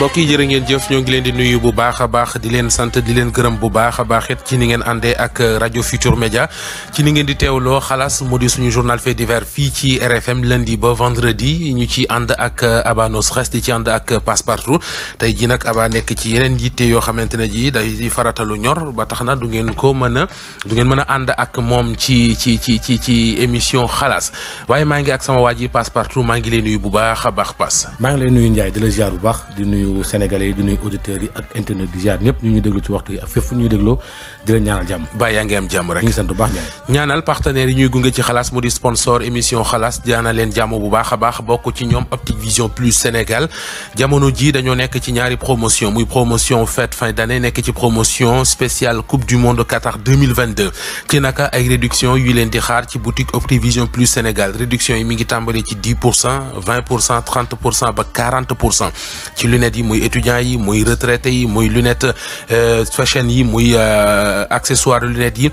mbokk yi jërë ngeen jëf ñoo ngi leen di nuyu bu baax a baax di leen sant di leen gërëm bu baax a baax it ci ni ngeen àndee ak euh, rajo Futur Media ci ni ngeen di teewloo xalaas mu di suñu journal fait divers fii ci RFM lundi ba vendredi ñu ci ànd ak euh, Aba Nosras di ci ànd ak euh, passe partout tey jii nag Aba nekk ci yeneen yitte yoo xamante ne ji day faratalu ñor ba tax na du ngeen ko mën a ngeen mën a ànd ak moom ci ci ci ci ci émission xalaas waaye maa ngi ak sama waa ji passe maa ngi lay nuyu bu baax a maa ngi lay nuyu Ndiaye la ziar bu di nuyu nuyu sénégalais yi di nuyu yi ak internet di jaar ñëpp ñu déglu ci waxtu yi ak fépp fu ñuy dégloo di ñaanal jàmm baa am jàmm rek ñaanal partenaires yi ñuy gunge ci xalaas mu di sponsor émission xalaas jaana leen jàmm bu baax a baax bokk ci ñoom Optic Vision Plus Sénégal jamono ji dañoo nekk ci ñaari promotion muy promotion fête fin d'année nekk ci promotion spéciale coupe du monde Qatar ci naka ay réduction yu leen di xaar ci boutique Optic Plus Sénégal yi muy étudiants yi muy retraités yi muy lunette euh, fashion yi muy euh, accessoire lunette yi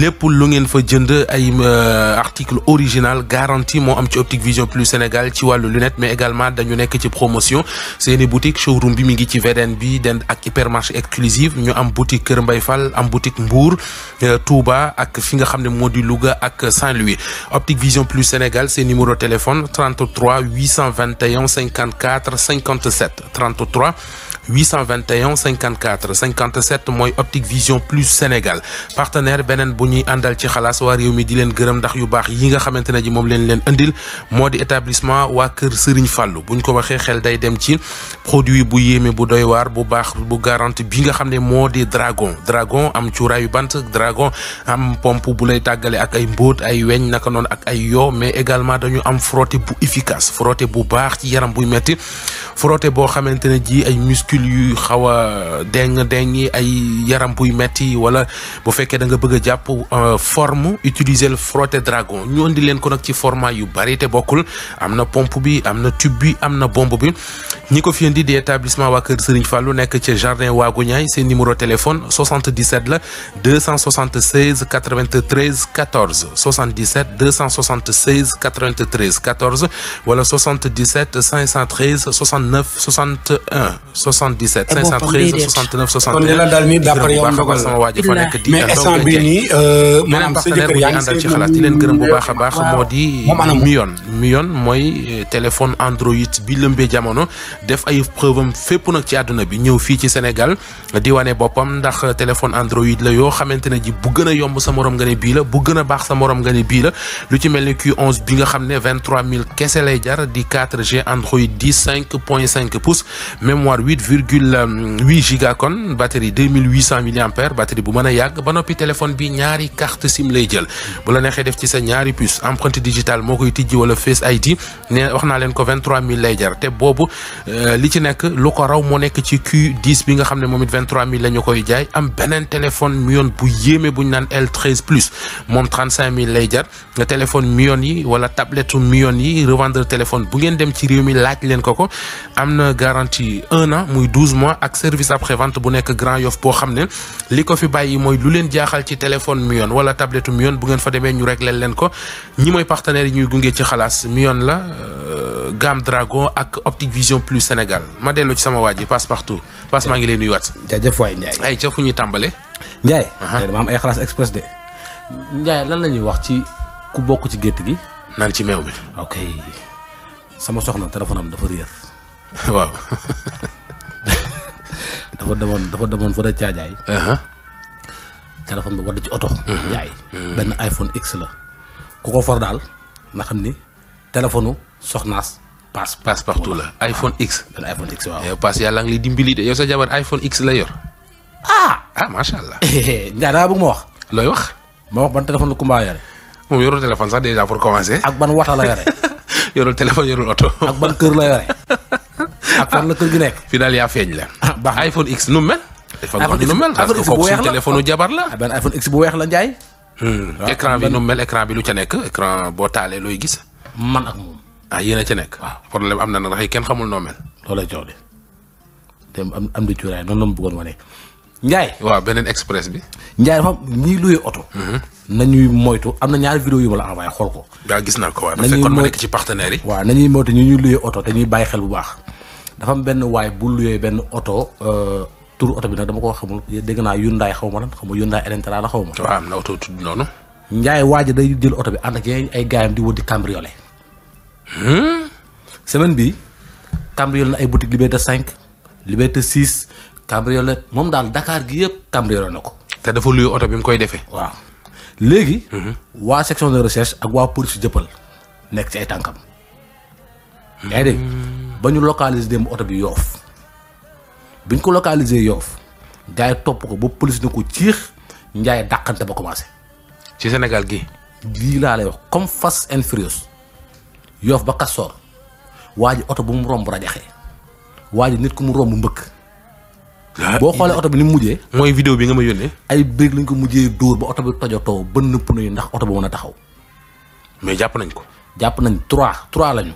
lépp lu ngeen fa jënd ay euh, article original garantie moo am ci Optique Vision Plus Sénégal ci wàllu lunette mais également dañu nekk ci promotion seeni boutique showroom bi mi ngi ci VDN bi dend ak hypermarché exclusive ñu am boutique Kër Mbay Fall am boutique Mbour Touba ak fi nga xam ne moo di Louga ak saint Optique Vision Plus Sénégal seen numéro téléphone 33 821 54 57 3 821 54 57 mooy Optic Vision Plus Sénégal partenaire beneen bu ñuy àndal ci xalaas waa réew mi di leen gërëm ndax yu baax yi nga xamante ne ji moom leen leen indil moo di établissement waa kër Serigne Fallou buñ ko waxee xel day dem ci produit bu yéeme bu doy waar bu baax bu garanti bi nga xam ne moo di dragon dragon am cuuraayu bant dragon am pompe bu lay tàggale ak ay mbóot ay weñ naka noonu ak ay yoo mais également dañu am frotté bu efficace frotté bu baax ci yaram buy metti muscule yu xaw a deng deng ay yaram buy metti wala bu fekkee da nga bëgg a jàpp euh, forme utiliser le frotté dragon ñu indi leen ko nag ci format yu bari te bokkul am na pompe bi am na tube bi am na bombe bi ñi ko fi indi di établissement waa kër Serigne Fallou nekk ci jardin waagu ñaay seen numéro téléphone 77 la 276 93 14 77 276 93 14 wala 77 513 69 61 la daal nii d'après yow ndogal sama waa ji fa nekk di. mais instant bii nii euh, maanaam partenaire bu ñu àndal di leen gërëm bu baax a baax moo di. Mion Mion mooy euh, téléphone Android bi lëmbee jamono. def ay preuve am fépp nag ci àdduna bi ñëw fii ci Sénégal di wane boppam ndax téléphone Android la yoo xamante ne ji bu gën a yomb sa morom nga ne bii la bu gën a baax sa morom nga ne bii la lu ci mel ni Q11 bi nga xam ne 23000 kese lay jar di 4G Android 10 5.5 pouces mémoire 8 virgule 8 giga kon batterie 2800 mAh batterie bu mën a yàgg ba noppi téléphone bi ñaari carte SIM lay jël bu la neexee def ci sa ñaari puce empreinte digitale moo koy tijji wala Face ID ne wax naa leen ko 23000 lay jar te boobu Euh, li ci nekk lu ko raw moo nekk ci Q10 bi nga xam ne moom it 23000 la ñu koy jaay am beneen téléphone Mion bu yéeme bu ñu naan L13 plus moom 35000 lay jar nga téléphone Mion yi wala tablette Mion yi revendeur téléphone bu ngeen dem ci réew mi laaj leen ko ko am na garantie un an muy 12 mois ak service après vente bu nekk Grand Yoff boo xam ne li ko fi bàyyi mooy lu leen jaaxal ci téléphone Mion wala tablette Mion bu ngeen fa demee ñu réglé leen ko ñi mooy partenaires yi ñuy gunge ci xalaas Mion la euh, gamme Dragon ak Optic Vision. plus Sénégal ma dellu ci sama waa ji passe partout passe maa ngi leen nuyuwaat. jaajëf waay Ndiaye. ay ñuy tàmbale. am ay xalaas express de. Ndiaye lan la ñuy wax ci ku bokk ci gétt gi. naan ci meew bi. ok sama soxna téléphone am dafa réer. waaw. dafa demoon dafa demoon fa da caajaay. téléphone bi war ci oto. jaay mhm. mhm. benn iPhone X la. ku ko for daal nga xam ni téléphone soxnaas. passe passe partout la iPhone X. la iPhone X waaw yow eh, passe de yow sa jabar iPhone X la yor. ah ah allah. Ndiaye daa bëgg ma wax. looy wax. ma wax ban téléphone la Kumba yore. moom yorul téléphone sax déjà pour commencer. ak ban wata la yore. yorul téléphone yorul oto. ak ban kër la yore. nekk. fi daal yaa feeñ la. Ah, baax iPhone X nu mel. iPhone X nu mel parce que la. Ah, benn iPhone X bu weex la Ndiaye. Hmm. Ah, écran bi nu mel écran bi lu ca nekk écran boo taalee looy gis. man ak moom. waa ah, yéen a ca nekk. waaw problème am na nag ndax xamul noo mel. loolay am am di cuuraay noonu la mu bëggoon wane. Ndiaye. waaw beneen express bi. Ndiaye dafa ñuy luye oto. Mhm. nañuy moytu am na ñaari yu ma la envoyé ko. waaw gis naa ko waaw dafa fekkoon ma nekk ci partenaire yi. waaw nañuy moytu ñu ñuy luye oto te ñuy bàyyi xel bu baax. dafa am benn waay bu luye benn oto. Euh, tur oto bi nag dama ko xamul dégg naa Hyundai xaw ma lan xaw ma Hyundai Elantra la xaw ma. waaw am na oto tudd noonu. Ndiaye waaj day jël oto bi ànd ak ay gaayam di wër di cambriolé. semaine bi cambriole na ay boutique Liberté 5 Liberté 6 cambriole moom daal dakaar gi yëpp cambriole na ko. te dafa luy oto bi mu koy defee. waaw léegi. waa section de recherche ak waa police jëppal nekk ci ay tànkam. yaa ngi ba ñu localiser dem oto bi yoof bi ñu ko localiser yoof gars topp ko ba police ne ko ciix njaay dàqante ba commencé. ci Sénégal gi lii laa lay wax comme fast and furious. yoof ba kastoor waa ji oto bu mu romb rajaxee waa ji nit ku mu romb mbëkk boo xoolee oto bi ni mu mujjee mooy vidéo bi nga ma yónnee ay briques lañ ko mujjee dóor ba oto bi tojotoo bënn pneu yi ndax oto ba mën a taxaw mais jàpp nañ ko jàpp nañ trois trois lañu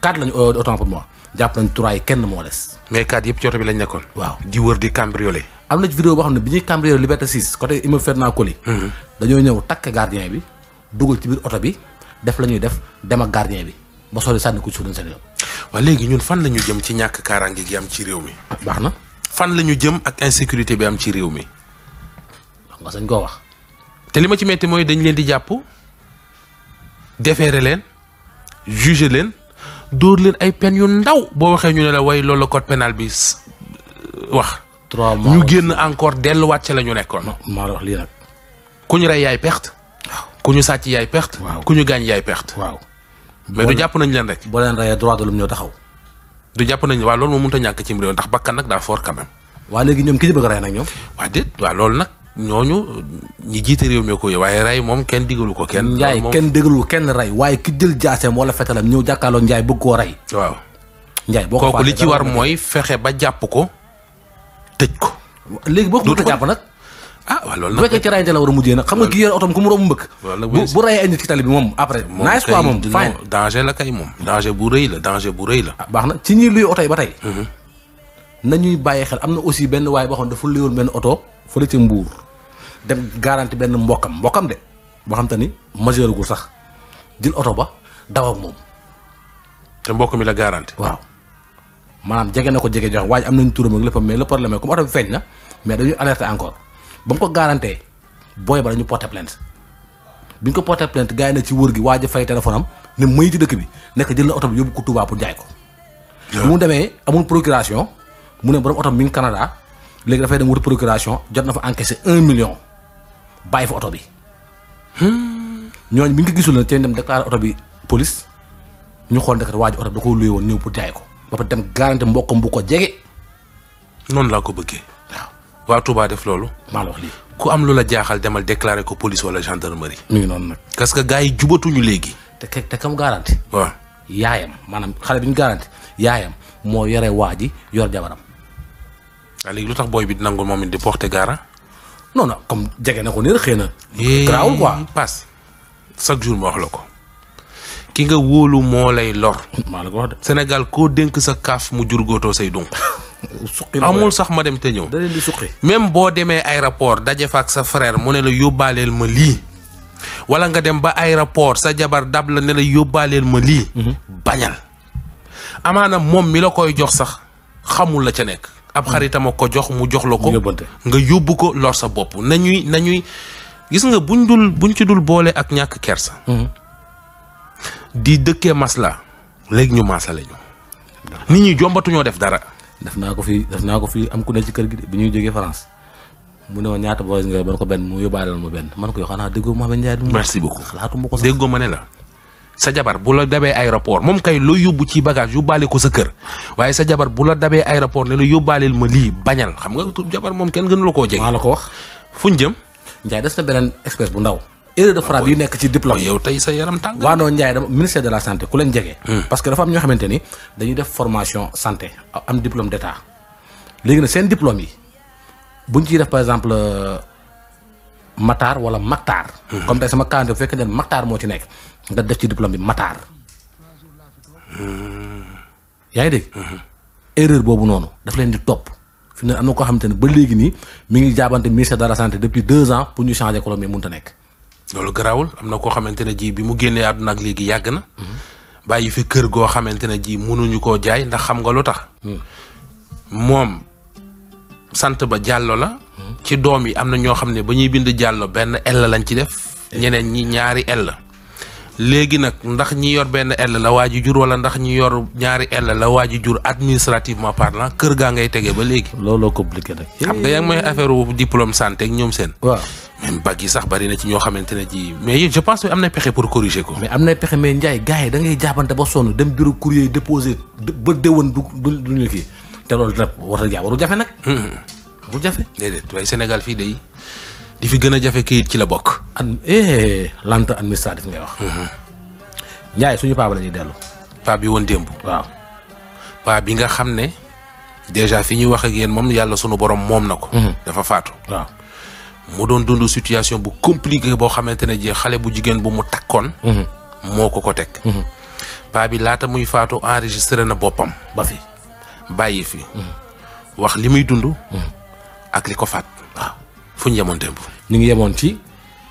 quatre lañu euh, autant pour moi jàpp nañ trois yi kenn moo des mais quatre yëpp ci oto bi lañ nekkoon waaw di wër di cambriolé am na ci vidéo boo xam ne bi ñuy cambriolé liberté 6 côté immeuble Ferdinand Coly mhm. dañoo ñëw takk gardien bi dugal ci biir oto bi def la ñuy def dem ak gardien bi ba sori sànni ku ci suñu seen yoon. waaw léegi ñun fan la ñu jëm ci ñàkk kaaraange gi am ci réew mi. Ah, baax na fan la ñu jëm ak insécurité bi am ci réew mi. wax nga sañ koo wax. te li ma ci metti mooy dañ leen di jàpp defeere leen juger leen dóor leen ay peine yu ndaw boo waxee ñu ne la way loolu la code pénal bi euh, wax. trois mois ñu génn encore delluwaat ci la ñu nekkoon. maa la wax lii nag. ku ñu rey yaay perte. ku ñu sàcc yaay perte. waaw ku ñu gaañ yaay perte. waaw mais du jàpp nañ leen rek. boo leen rayee droit de l'homme ñoo taxaw. du jàpp nañ waaw loolu moo mënut a ñàkk ci réew ndax bakkan nag daa fort quand même. waa waa déet waaw loolu nag ñooñu jiite réew mi ko yow waaye rey moom kenn digalu ko. kenn njaay kenn digalu kenn rey waaye ki jël jaaseem wala fetalam ñëw jàkkaarloo njaay bëgg koo rey. waaw. njaay boo ko kooku li ci war mooy fexe ba jàpp ko tëj ko. léegi boo ko mënut a jàpp nag ah waaw loolu nag bu fekkee ci rayante la war mu mujjee nag xam nga kii yore otom ku mu romb mbëkk bu bu rayee ay nit ci tali bi moom après nice quoi moom fine danger la moom danger bu rëy la danger bu rëy la ah, baax na ci ñuy luy oto yi ba tey mhm. nañuy bàyyi xel am na aussi benn waaye boo xam dafa luyoon benn oto fële dem garanti benn mbokkam mbokkam de boo xam ni majeur gu sax jël oto ba daw ak moom te la garanti waaw maanaam jege na ko jege jox waaye am nañ turam ak léppam mais le comme oto bi feeñ na mais dañuy alerter encore ba mu ko garanté booy ba dañu porté plainte bi ñu ko porté plant gars yi ne ci wër gi waaj a fay téléphone am ne may ci dëkk bi nekk jël na oto bi yóbbu ko Touba pour jaay ko. bu mu demee amul procuration mu ne borom oto mi ngi Canada léegi dafay dem wuti procuration jot na fa un million bàyyi fa oto bi. Hmm. ñooñu bi ñu ko gisul nag cee dem oto bi police ñu xool ndekete waaj oto bi da koo luy woon ñëw pour jaay ko ba pare dem garanté mbokkam bu ko jege. noonu laa ko bëggee. waa Touba def loolu. maa ku am lu la jaaxal demal déclarer ko police wala gendarmerie. mi ngi noonu nag. parce que gars yi jubatuñu léegi. te ke te kam garanti. waaw yaayam maanaam xale bi ñu garanti yaayam moo yore waa ji yor jabaram. waaw ah, léegi lu tax booy bi nangul moom it di porter garant. non non comme jege na ko nii rek xëy na. Eh, garaawul quoi passe chaque jour ma wax la ko. ki nga wóolu moo lay lor. maa ko wax de. Sénégal koo dénk sa kaaf mu jur say dung suqi amul sax ma dem te ñëw. da leen di même boo demee aéroport daje fa ak sa frère mu ne la yóbbaaleel ma lii wala nga dem ba aéroport sa jabar dab la ne la yóbbaaleel ma lii. Mhm. bañal amaana moom mi la koy jox sax xamul la ca nekk. ab mhm. xaritam xaritama ko jox mu jox la ko. nga yóbbu ko lor sa bopp nañuy nañuy gis nga buñ dul buñ ci dul boole ak ñàkk kersa. Mhm. di dëkkee masla léegi ñu maasale lañu nit ñi jombatuñoo def dara. def naa ko fi def naa ko fii am ku ne ci kër gi de bi ñuy jógee France mu ne ma ñaata boos nga ba ko benn mu yóbbaale ma benn man ko yoo xanaa déggoo ma Mohamed Ndiaye du merci beaucoup xalaatu ma ko sax déggoo ma la sa jabar bu la dabee aéroport moom kay loo yóbbu ci bagage yóbbaale ko sa kër waaye sa jabar bu la dabee aéroport ne la yóbbaaleel ma lii bañal xam nga jabar moom kenn gën la koo jege maa la ko wax fuñ jëm Ndiaye des na beneen espèce bu ndaw erreur de frappe yu nekk ci diplôme yow tey sa yaram tàng. waa noonu Ndiaye dama ministère de la santé ku leen jege. Hmm. parce que dafa am ñoo xamante ni dañuy def formation santé am diplôme d' état léegi nag seen diplôme yi buñ ciy def par exemple euh, Matar wala Maktar. Hmm. comme tey sama kàllaante bu fekkee ne Maktar moo ci nekk nga def ci diplôme bi Matar. Hmm. yaa ngi dégg. erreur boobu noonu daf leen di topp. fi ne am na koo xamante ne ba léegi nii mi ngi jaabante ministère de la santé depuis ans pour ñu changer ko mais mënut nekk. loolu garaawul am na koo xamante ne ji bi mu génnee àdduna ak léegi yàgg na. bàyyi fi kër goo xamante ne ji mënuñu koo jaay ndax xam nga lu tax. moom sant ba jàllo la. ci doom yi am na ñoo xam ne ba ñuy bind jàllo benn L lañ ci def. ñeneen ñi ñaari L. léegi nag ndax ñi yor benn ell la waaju jur wala ndax ñi yor ñaari ell la waa ji jur administrativement parlant kër gaa ngay tege ba léegi. looloo compliqué nag. xam nga yaa ngi may affaire wu diplôme santé ak seen. waaw même yi sax bari na ci ñoo xamante ne ji mais je pense que am na pexe pour corriger ko. mais am na pexe mais Ndiaye gars yi da ngay jaabante ba sonn dem bureau courrier déposé ba déwén du du du ñu kii te loolu dina war a jaa waru jafe nag. Hmm. waru jafe déedéet waaye Sénégal fii day. di fi gën a jafe kayit ci la bokk. an eh lente administratif ngay wax. Uh-huh. Ndiaye suñu paa lañuy la ñuy dellu. paa bi woon démb. waaw paa bi nga xam ne déjà fi ñuy wax ak moom yàlla sunu borom moom na ko. Uh-huh. dafa faatu. mu doon dund situation bu compliquée boo xamante ne ji xale bu jigéen bu mu takkoon. Uh-huh. moo ko ko teg. paa bi laata muy faatu enregistré na boppam. ba fi bàyyi fi. wax li muy dund. ak li ko faat. fu ñu yemoon démb. ñu ngi yemoon ci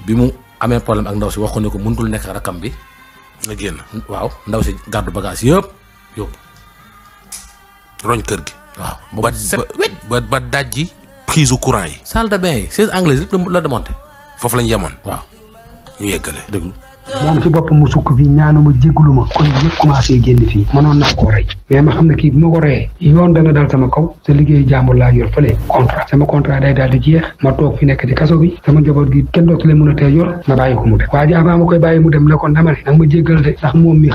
bi mu amee problème ak ndaw si wax ko ne ko mënutul nekk rakam bi. na génn waaw ndaw si gàddu bagage yëpp yóbbu. roñ kër gi. waaw ba ba ba daj ji prise courant yi. salle de bain yi chaise anglaise la démonté. foofu lañ yemoon. waaw ñu yeggale déglu. moom ci boppam mu sukk fii ñaanu ma jégalu ma kon yëpp commencé génn fii mënoon naa koo rey mais ma xam ne kii bu ma ko yoon dana dal sama kaw sa liggéey jàmbur laa yor fële contrat sama contrat daal di jeex ma toog fi nekk ci kaso bi sama njaboot gi kenn dootu leen mën a tee yor ma bàyyi ko mu dem waa ji ma koy bàyyi mu dem la kon dama ne nag ma jégal de ndax moom mi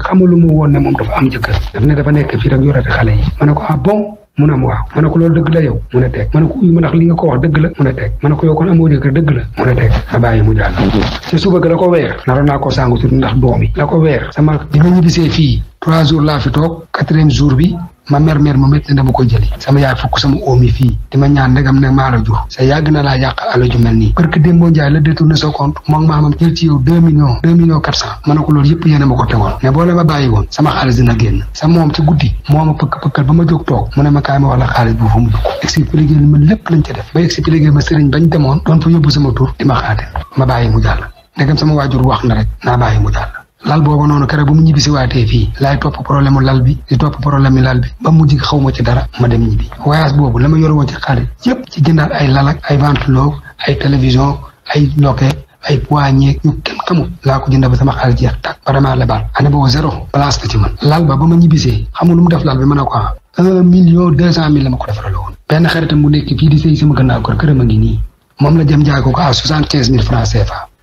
woon ne moom dafa am jëkkër daf ne dafa nekk fii rek yorate xale yi ma ne ko ah bon mun ne am waaw ma ne loolu dëgg la yow mu ne teg ma ne ko uy ndax li nga ko wax dëgg la mu ne teg ma ne ko yow kon amoo dëgg la mu ne teg ma bàyyi mu jàll ci suba ga la ko weer a naa koo sàngu tuuti ndax doom la ko weer sama bi ma ñibbisee fii trois jours laa fi toog quatrième jour bi ma mer mer ma métti ne dama ko jëli sama yaay fukk sama oomi fii di ma ñaan nag am na maa la jur sa yàgg na laa yàq ala ju mel nii parce que Demba Ndiaye la détourné sa compte moom maamam jël loolu yëpp yéena ma ko tegoon mais boo la ma bàyyi woon sama xaalis dina génn sa moom ci guddi moo ma pëkk pëkkal ba ma jóg toog mu ne ma kaay ma wax xaalis bu fa mu dugg expliqué ma lépp lañ ca def ba expliqué ma sëriñ bañ demoon doon fa yóbbu sama tur di ma xaate sama waajur wax na rek naa bàyyi lal boobu noonu keroog bu mu ñibbi si waatee fii laay topp problème lal bi di topp problème lal bi ba mujj xaw ma ci dara ma dem ñibbi voyage boobu yor woon ci ci jëndaat ay lalak ay ventilo ay télévision ay loket ay poignée ñu kenn xamul laa ko jënd ba sama xaalis jeex tàkk vraiment la baal année la ci man ba ma ñibbisee xamul def lal bi mën ah, a ko un a soixante quinze mille francs CFA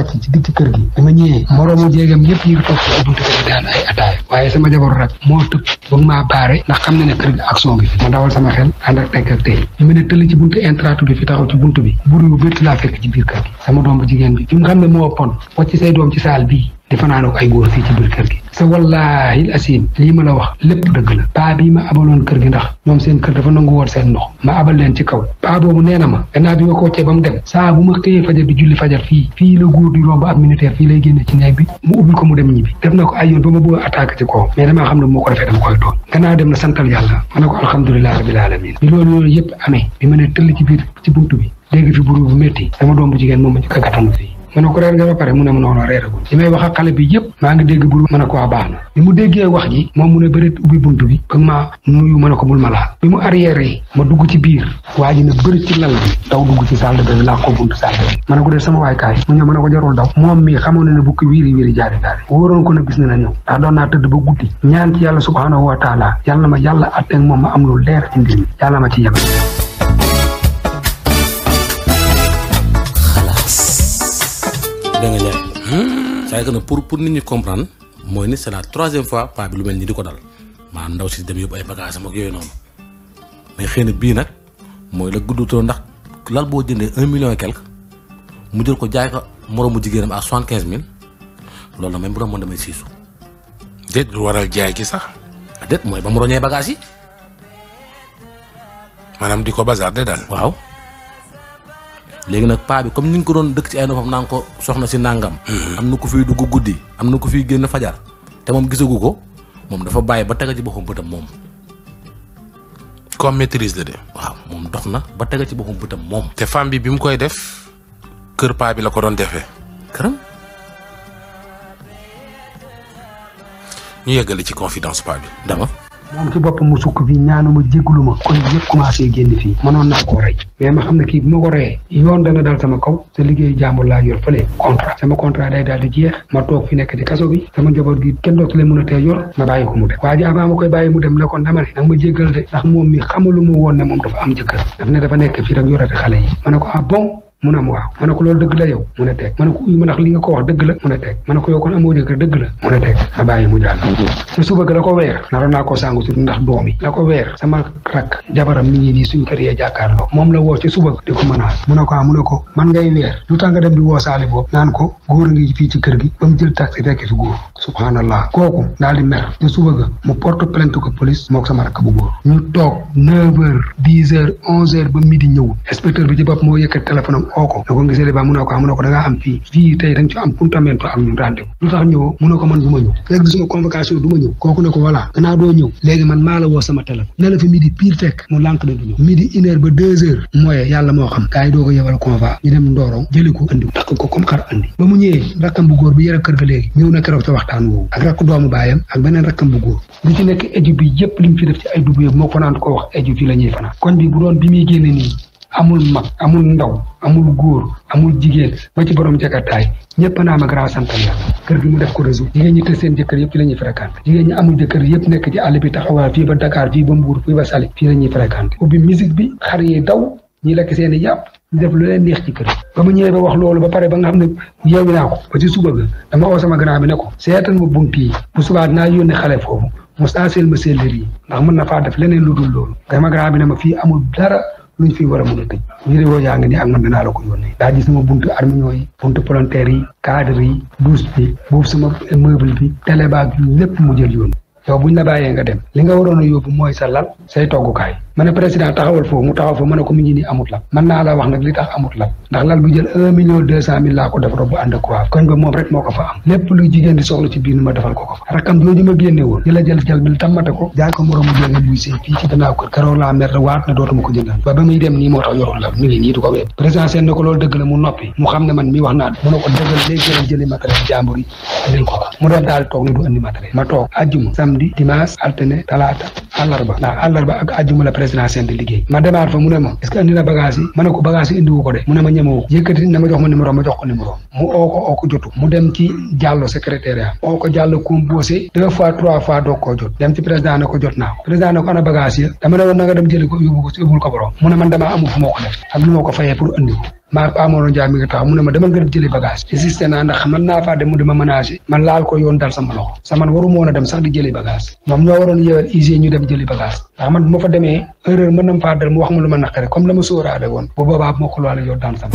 wàcc ci digg kër gi dama ñëwee moroomu jéegam yëpp ñu ngi toog ci buntu kër daan ay ataaya waaye sama jabaru rak moo tëb ba maa baare ndax xam na ne kër gi action bi ma dawal sama xel ànd ak teg ak tey mu ne tëll ci buntu intratu bi fi taxaw ci buntu bi buru bu bëtt laa fekk ci biir kër gi sama doom bu jigéen bi fi mu xam ne moo pon wacc say doom ci saal bii di fanaanoog ay góor fii ci biir kër gi sa wallaahi asim lii ma la wax lépp dëgg la paa bii ma abaloon kër gi ndax ñoom seen kër dafa nangu woon seen ndox ma abal leen ci kaw paa boobu nee na ma gannaaw bi ma ko wàccee saa bu ma xëyee fii fii la góor di romb ab militaire fii lay génne ci mu ubbil ko mu dem ñibbi def na ko ay yoon ba ma bëgg a attaqué moo ko defee dama koy doon gannaaw dem na santal yàlla ma ne ko alhamdulilah rabil alamin bi loolu loolu yëpp amee bi ma ne tëll ci biir ci bunt bi dégg fi buru bu métti sama doom bu jigéen moom ma njëkk a fii ma ne ko reer nga ba pare mu ne ma noonu reeragul li may wax ak xale bi yëpp maa ngi dégg bul ma ko waa baax na mu déggee wax ji moom mu ne bërit ubbi bunt bi bëgg maa ma ne ko bul ma laal bi mu arrière ma dugg ci biir waa ji ne bërit ci lal bi daw dugg ci salle de bain laa ko bunt salle de bain ma ne ko dee sama waay kaay mu ñëw ma ne ko jarul daw moom mii xamoon na ne bukki wiiri wiiri jaari jaari wóoroon ko ne gis ne na ñëw ndax doon naa tëdd ba guddi ñaan ci yàlla subhaanahu wa taala yàlla ma yàlla atteeg moom ma am lu lee ci ma ci yebal dégg nga Ndiaye. cest à pour pour nit ñi comprendre mooy ni c'est la fois paa bi lu mel ni di ko dal maanaam ndaw si dem yóbbu ay bagages yooyu noonu mais xëy na bii nag mooy la guddutoo ndax lal boo jëndee un million et mu jël ko jaay ko moroomu jigéenam à soixante quinze mille loolu nag bu doon mën damay siisu. waral jaay ki sax. mooy ba mu roñee yi. maanaam di ko bazarder daal. waaw. léegi nag paa bi comme ni ñu ko doon dëkk ci ay noppam naan ko soxna si nàngam mm-hmm. am na ko fii dugg guddi am na ko fii génn fajar te moom gisagu ko moom dafa bàyyi ba tega ci boppam bëtam moom comme maîtrise de waaw moom dox na ba tega ci boppam bëtam moom te femme bi bi mu koy def kër paa bi la ko doon defe këram ñu yeggale ci confidence paa bi dama moom ci boppam mu sukk fi ñaanuma jéggalu ma kon yëpp commencé génn fii mënoon naa koo rey mais ma xam ne kii bu ma ko yoon dana dal sama kaw te liggéeyu jàmbur laa yor fële contrat sama contrat day daal di jeex ma toog fi nekk ci kaso bi sama njaboot gi kenn dootu leen mën a tee yor ma bàyyi ko mu dem waa ma koy bàyyi mu dem la kon dama ne nag ma jéggal de ndax moom mi xamulu woon ne moom dafa am jëkkër daf ne dafa nekk fii rek yor xale yi ko ah mun am waaw ma ne ko loolu dëgg la yow mun a teg ma ne ko uy ma ko la mun a teg ma ne ko a teg ma suba la ko weer naroon naa koo sàngu tuuti ndax doom la ko weer sama rakk jabaram mi ngi nii suñu kër yee jàkkaarloo moom la woo ci suba di ko mën a mu ko ah mu ne ko man ngay weer lu tax nga dem di woo saali boobu naan ko góor a ngi fii ci kër gi ba mu jël taxi rekk fi góor subhanallah kooku daal di mer te suba mu porte plainte ko police moo ko sama rakk bu góor ñu toog neuf bi ci bopp moo yëkkat téléphone am oo ko yow ko gisee le ba ko ah mu ne ko da ngaa am fii fii tey am puntamento ak ñun rendez-vous lu tax ñëwoo mu man du ma ñëw léegi gisuma convocation du ma ñëw kooku ne ko voilà gannaaw doo ñëw léegi man maa la woo sama téléphone ne la fi midi pire fekk mu lànk du ñëw midi une ba deux heures mooy moo xam gars yi doo ko yebal conva ñu dem Ndorong jëli ko andi takk ko andi ba mu ñëwee rakkam bu góor bi yëre kër ga léegi ñëw na keroog ca waxtaan woowu ak rakk doomu ak beneen rakkam bu góor li ci nekk def ci ay dugub nii amul mag amul ndaw amul góor amul jigéen ba ci borom jakartaay ñëpp naa naam ak raa santal yàlla kër gi mu def ko réseau jigéen ñi te seen jëkkër yëpp ci la ñuy fréquenté jigéen ñi amul jëkkër yëpp nekk ci àll bi taxawaa fii ba Dakar fii bi xar yi daw ñi lekk seen i yàpp ñu neex ci kër ba mu ba wax loolu ba pare ba nga xam ne yeewu naa ko ba ci suba dama oo sama grand ne ko seetal ma bunt yi bu subaa dinaa yónne xale foofu mu saaseel ma selleri yi ndax mën na faa def leneen lu dul lool sama grand bi ma fii amul dara luñ fi war a mën a tëj vidéo yaa ngi ni ak na dinaa la ko yónnee daa gis bunt buntu armignon yi buntu volontaire yi cadre yi douche bi boobu sama meuble bi télé baag lépp mu jël yoon yow buñ la bàyyee nga dem li nga waroon a mooy sa lal say toggukaay ma ne président taxawal foofu mu taxaw fa ma ne ko mu ngi nii amut lal mën mi ngi la mu noppi mu xam ne man mi wax naa mu ne ko dëggal léegi jël jëli mu doon daal ma toog ajjuma samedi dimanche altine talaata àllarba ndax àllarba ak àjjuma président seen liggéey ma demaat fa mu ne ma que indi na bagage yi ma ne ko bagage ma ñemewu yëkkati na ma jox ma numéro ma mu oo ko jotu mu dem ci jàllo secrétariat oo ko jàllo composé fois trois fois doog jot dem ci président ne ko président ne ana bagage yi dama ne woon na nga man damaa amul fu ma ko def ak lu maa Pamoro Ndiaye mi nga taxaw mu ne ma dama nga jëli bagage insisté naa ndax man naa faa dem mu a ménager man laal ko yoon dal sama loxo sa man waru moon a sax di jëli bagage moom ñoo waroon yeewal ñu dem jëli bagage ndax man bu ma fa demee erreur mën na ma faa dal mu wax ma lu ma naqare comme la ma sóoraale woon a boobaa bu ma xulwaale yoon daan sama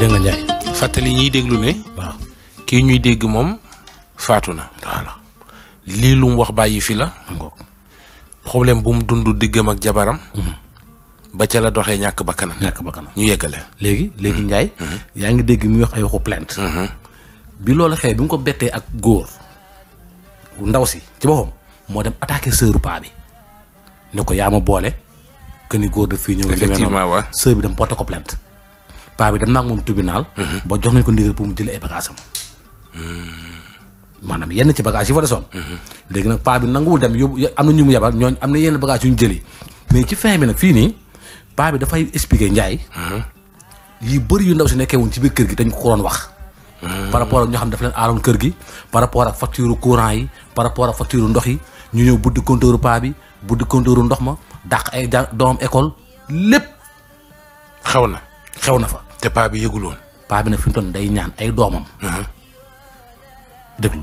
dégg nga Ndiaye fàttali ñuy déglu ne waaw ñuy dégg moom faatu na voilà lii lu wax bàyyi fi la problème bu mu dund diggam ak jabaram. Mhm. ba ca la doxee ñàkk bakkanam. ñàkk bakkanam ñu yeggale. léegi léegi mhm. njaay mhm. yaa ngi dégg muy wax ay waxu plainte. bi loolu xew bi mu ko bettee ak góor ndaw si ci boppam moo dem attaqué sëru paa bi ne ko yaa ma boole que ni góor daf fii ñëw. effectivement waaw sër bi dem porté ko plainte. paa bi dem naa ak moom tribunal. ba jox nañ ko ndigal pour mu jëlee ay bagaasam. Hmm. maanaam yenn ci bagage yi fa desoon léegi nag paa bi nanguwul dem yóbbu am na ñu mu yabal ñooñ am na yenn bagage yu ñu jëli mais ci fin bi nag fii nii paa bi dafay expliquer Ndiaye yi bëri yu ndaw si nekkee woon ci biir kër gi dañ ko ko doon wax par rapport ak ñoo xam ne dafa leen aaroon kër gi par rapport ak facture courant yi par rapport ak facture ndox yi ñu ñëw buddi compteur paa bi buddi compteur ndox ma dàq ay doomam école lépp xew na xew na fa te paa bi yëgul woon bi nag fi mu toll day ñaan ay doomam déglu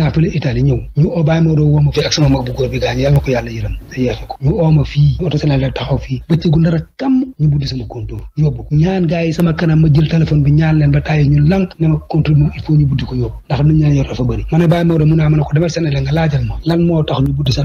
naa fële Italie ñëw ñu oo bàyyi mun naa ma ko demal Sénégal nga laajal ma lan moo tax ñu buddi sa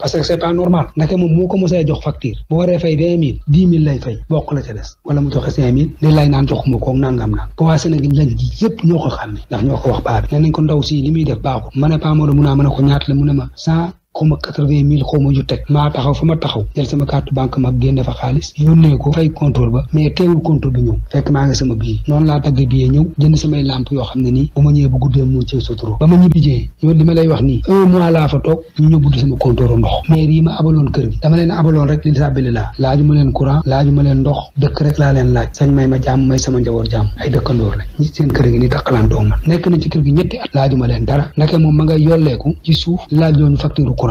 parce que c'est pas normal ndaka moom moo ko mosee jox facture bu waree fay vingt mille dix mille lay fay bokk la ca des wala mu joxe cinq mille li lay naan jox ko nangam naan ko waa Sénégal lañ ji ñoo ko xam ne ndax ñoo ko wax baabi ne nañ ko ndaw si li muy def baaxul ma ne Paa Modou mun naa ma ma cent xaw ma quatre-vingt mille xaw ma ju teg maa taxaw fa ma taxaw jël sama carte banque ma génne fa xaalis yónnee ko fay contrôle ba mais teewul contrôle bi ñëw fekk maa ngi yoo xam ne nii bu ma ñëwee bu guddee mu ci suturo ba ma ñibbi jee yow li ma lay wax nii un mois laa fa toog ñu ñëw buddi sama compteur ndox mais yi ma abaloon kër gi dama leen abaloon rek li sabili laa ma leen courant laaju ma leen ndox dëkk rek laa leen laaj sañ may ma jàmm may sama njaboot jàmm ay dëkkandoor la ñi seen kër gi ni taqalaan doo man nekk na ci kër courant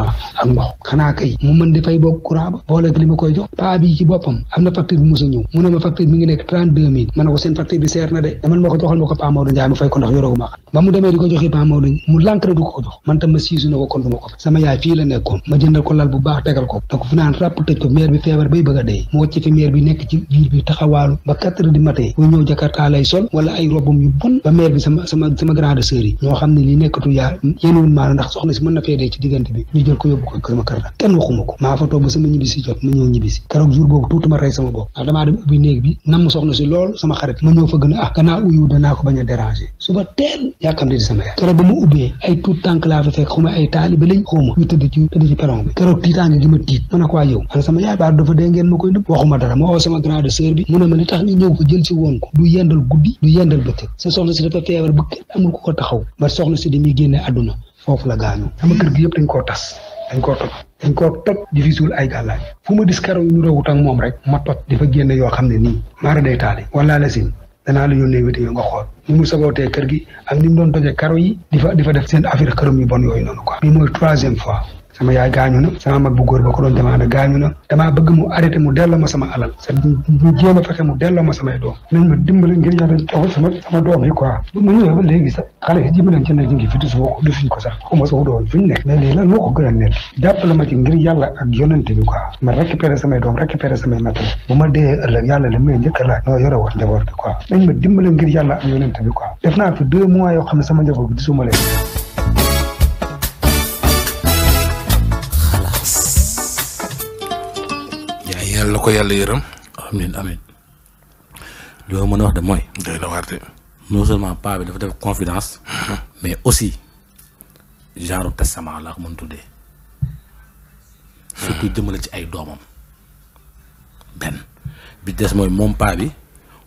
mu demee di ko joxee Paa mu lànk na du ko jox man tam ma siisu na ko kon ko sama yaay fii la nekkoon ma jëndal ko lal bu baax tegal ko da ko naan ràpp tëj ko maire bi feebar bay bëgg dee mu wàcc fi maire bi nekk ci biir bi taxawaalu ba quatre heures matin bu ñëw Jakarta lay sol wala ay robam yu bon ba maire bi sama grande sœur ñoo xam ne li nekkatu yaa yéenwul maana ndax soxna si mën na fee ci diggante bi ñu jël ko yóbbu ko kër ma kenn waxuma ko maa fa toog ba sama a ah a grande sœur bi mu ne ma li tax ñëw ko jël si woon ko du yendal guddi du yendal bëccëg sa soxna si dafa feebar bu kenn amul ko ko taxaw ba soxna si dañuy génne àdduna foofu la gaañu sama kër gi yëpp dañ koo tas dañ koo toj dañ koo toj di fi suul ay gàllaaj fu ma dis karaw ñu rawut ak moom rek ma toj di fa génne yoo xam ne nii maara day taali wala la sin danaa la yónnee wéti yo nga xool ni mu sabootee kër gi ak ni mu doon karo yi di fa def seen affaire këram yu bon yooyu noonu quoi bi mooy troisième fois sama yaay gaañu na sama mag bu góor ba ko doon demandé gaañu na damaa bëgg mu arrêté mu delloo ma sama alal sa ñu jéem a fexe mu delloo ma samay doom nañ ma dimbali ngir yàlla taxul sama mu ñëwee ba léegi sax xale yi dimbali ci ne ñu ngi fi dusu ko ma sax doon fi doom récupéré ma dee ëllëg a laaj noo yore woon njaboot bi quoi nañ ma dimbali ngir yàlla ak yonente bi quoi def naa fi deux mois ne sama njaboot bi gisuma leen yàlla ko yàlla yërëm. amiin amiin li mën a wax de mooy. doy na waar paa bi dafa def confidence. Mhm. mais aussi genre testament laa mën tuddee. surtout mhm. jëmale ci ay doomam. benn bi des mooy moom paa bi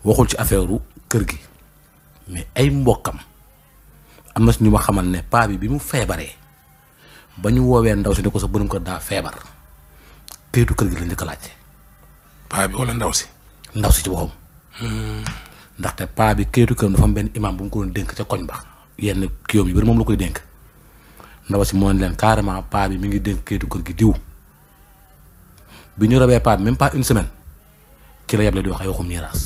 waxul ci affaire kër gi mais ay mbokkam am na ñu ma xamal ne paa bi bi mu feebaree ba ñu woowee ndaw si ne ko sax borom ko daa feebar këyitu kër gi lañ la ko laajte. paa bi wala ndaw si. ndaw si ci boppam. Hmm. ndaxte paa bi këyitu këram dafa am benn imaam bu mu ko doon dénk ca koñ ba. yenn kiiwam yi bëri moom la koy dénk ndaw si moo leen carrément paa bi mi ngi dénk këyitu kër gi diw bi ñu robee paa bi même pas une semaine ci la yeble di wax ay waxum ñiiraas.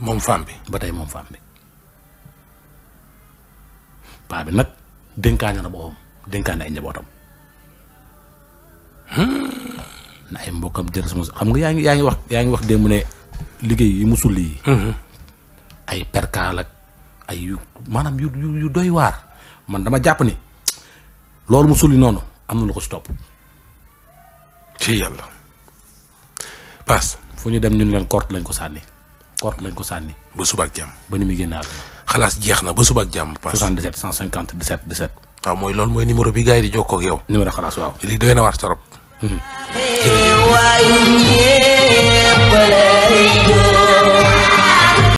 moom femme bi ba tey moom femme bi paa bi nag dénkaane na boppam dénkaane ay njabootam. Hmm. ndax ay mbokkam jël responsabilité xam nga yaa ngi yaa ngi wax yaa ngi wax démb ne liggéey yi musul mm-hmm. yi ay perkaal ak ay yu maanaam yu yu doy waar man dama jàpp ni loolu musul yi noonu am na lu ko si topp ci yàlla paas fu ñu dem ñun leen korte lañ ko sànni korte lañ ko sànni ba subaak jàmm ba ni muy génn àdduna xalaas jeex na ba subaak jàmm paas 77 150 17 17 waaw mooy loolu mooy numéro bi gars yi di jokkoo ak yow numéro xalaas waaw lii doy na waar torop waay ñépp lay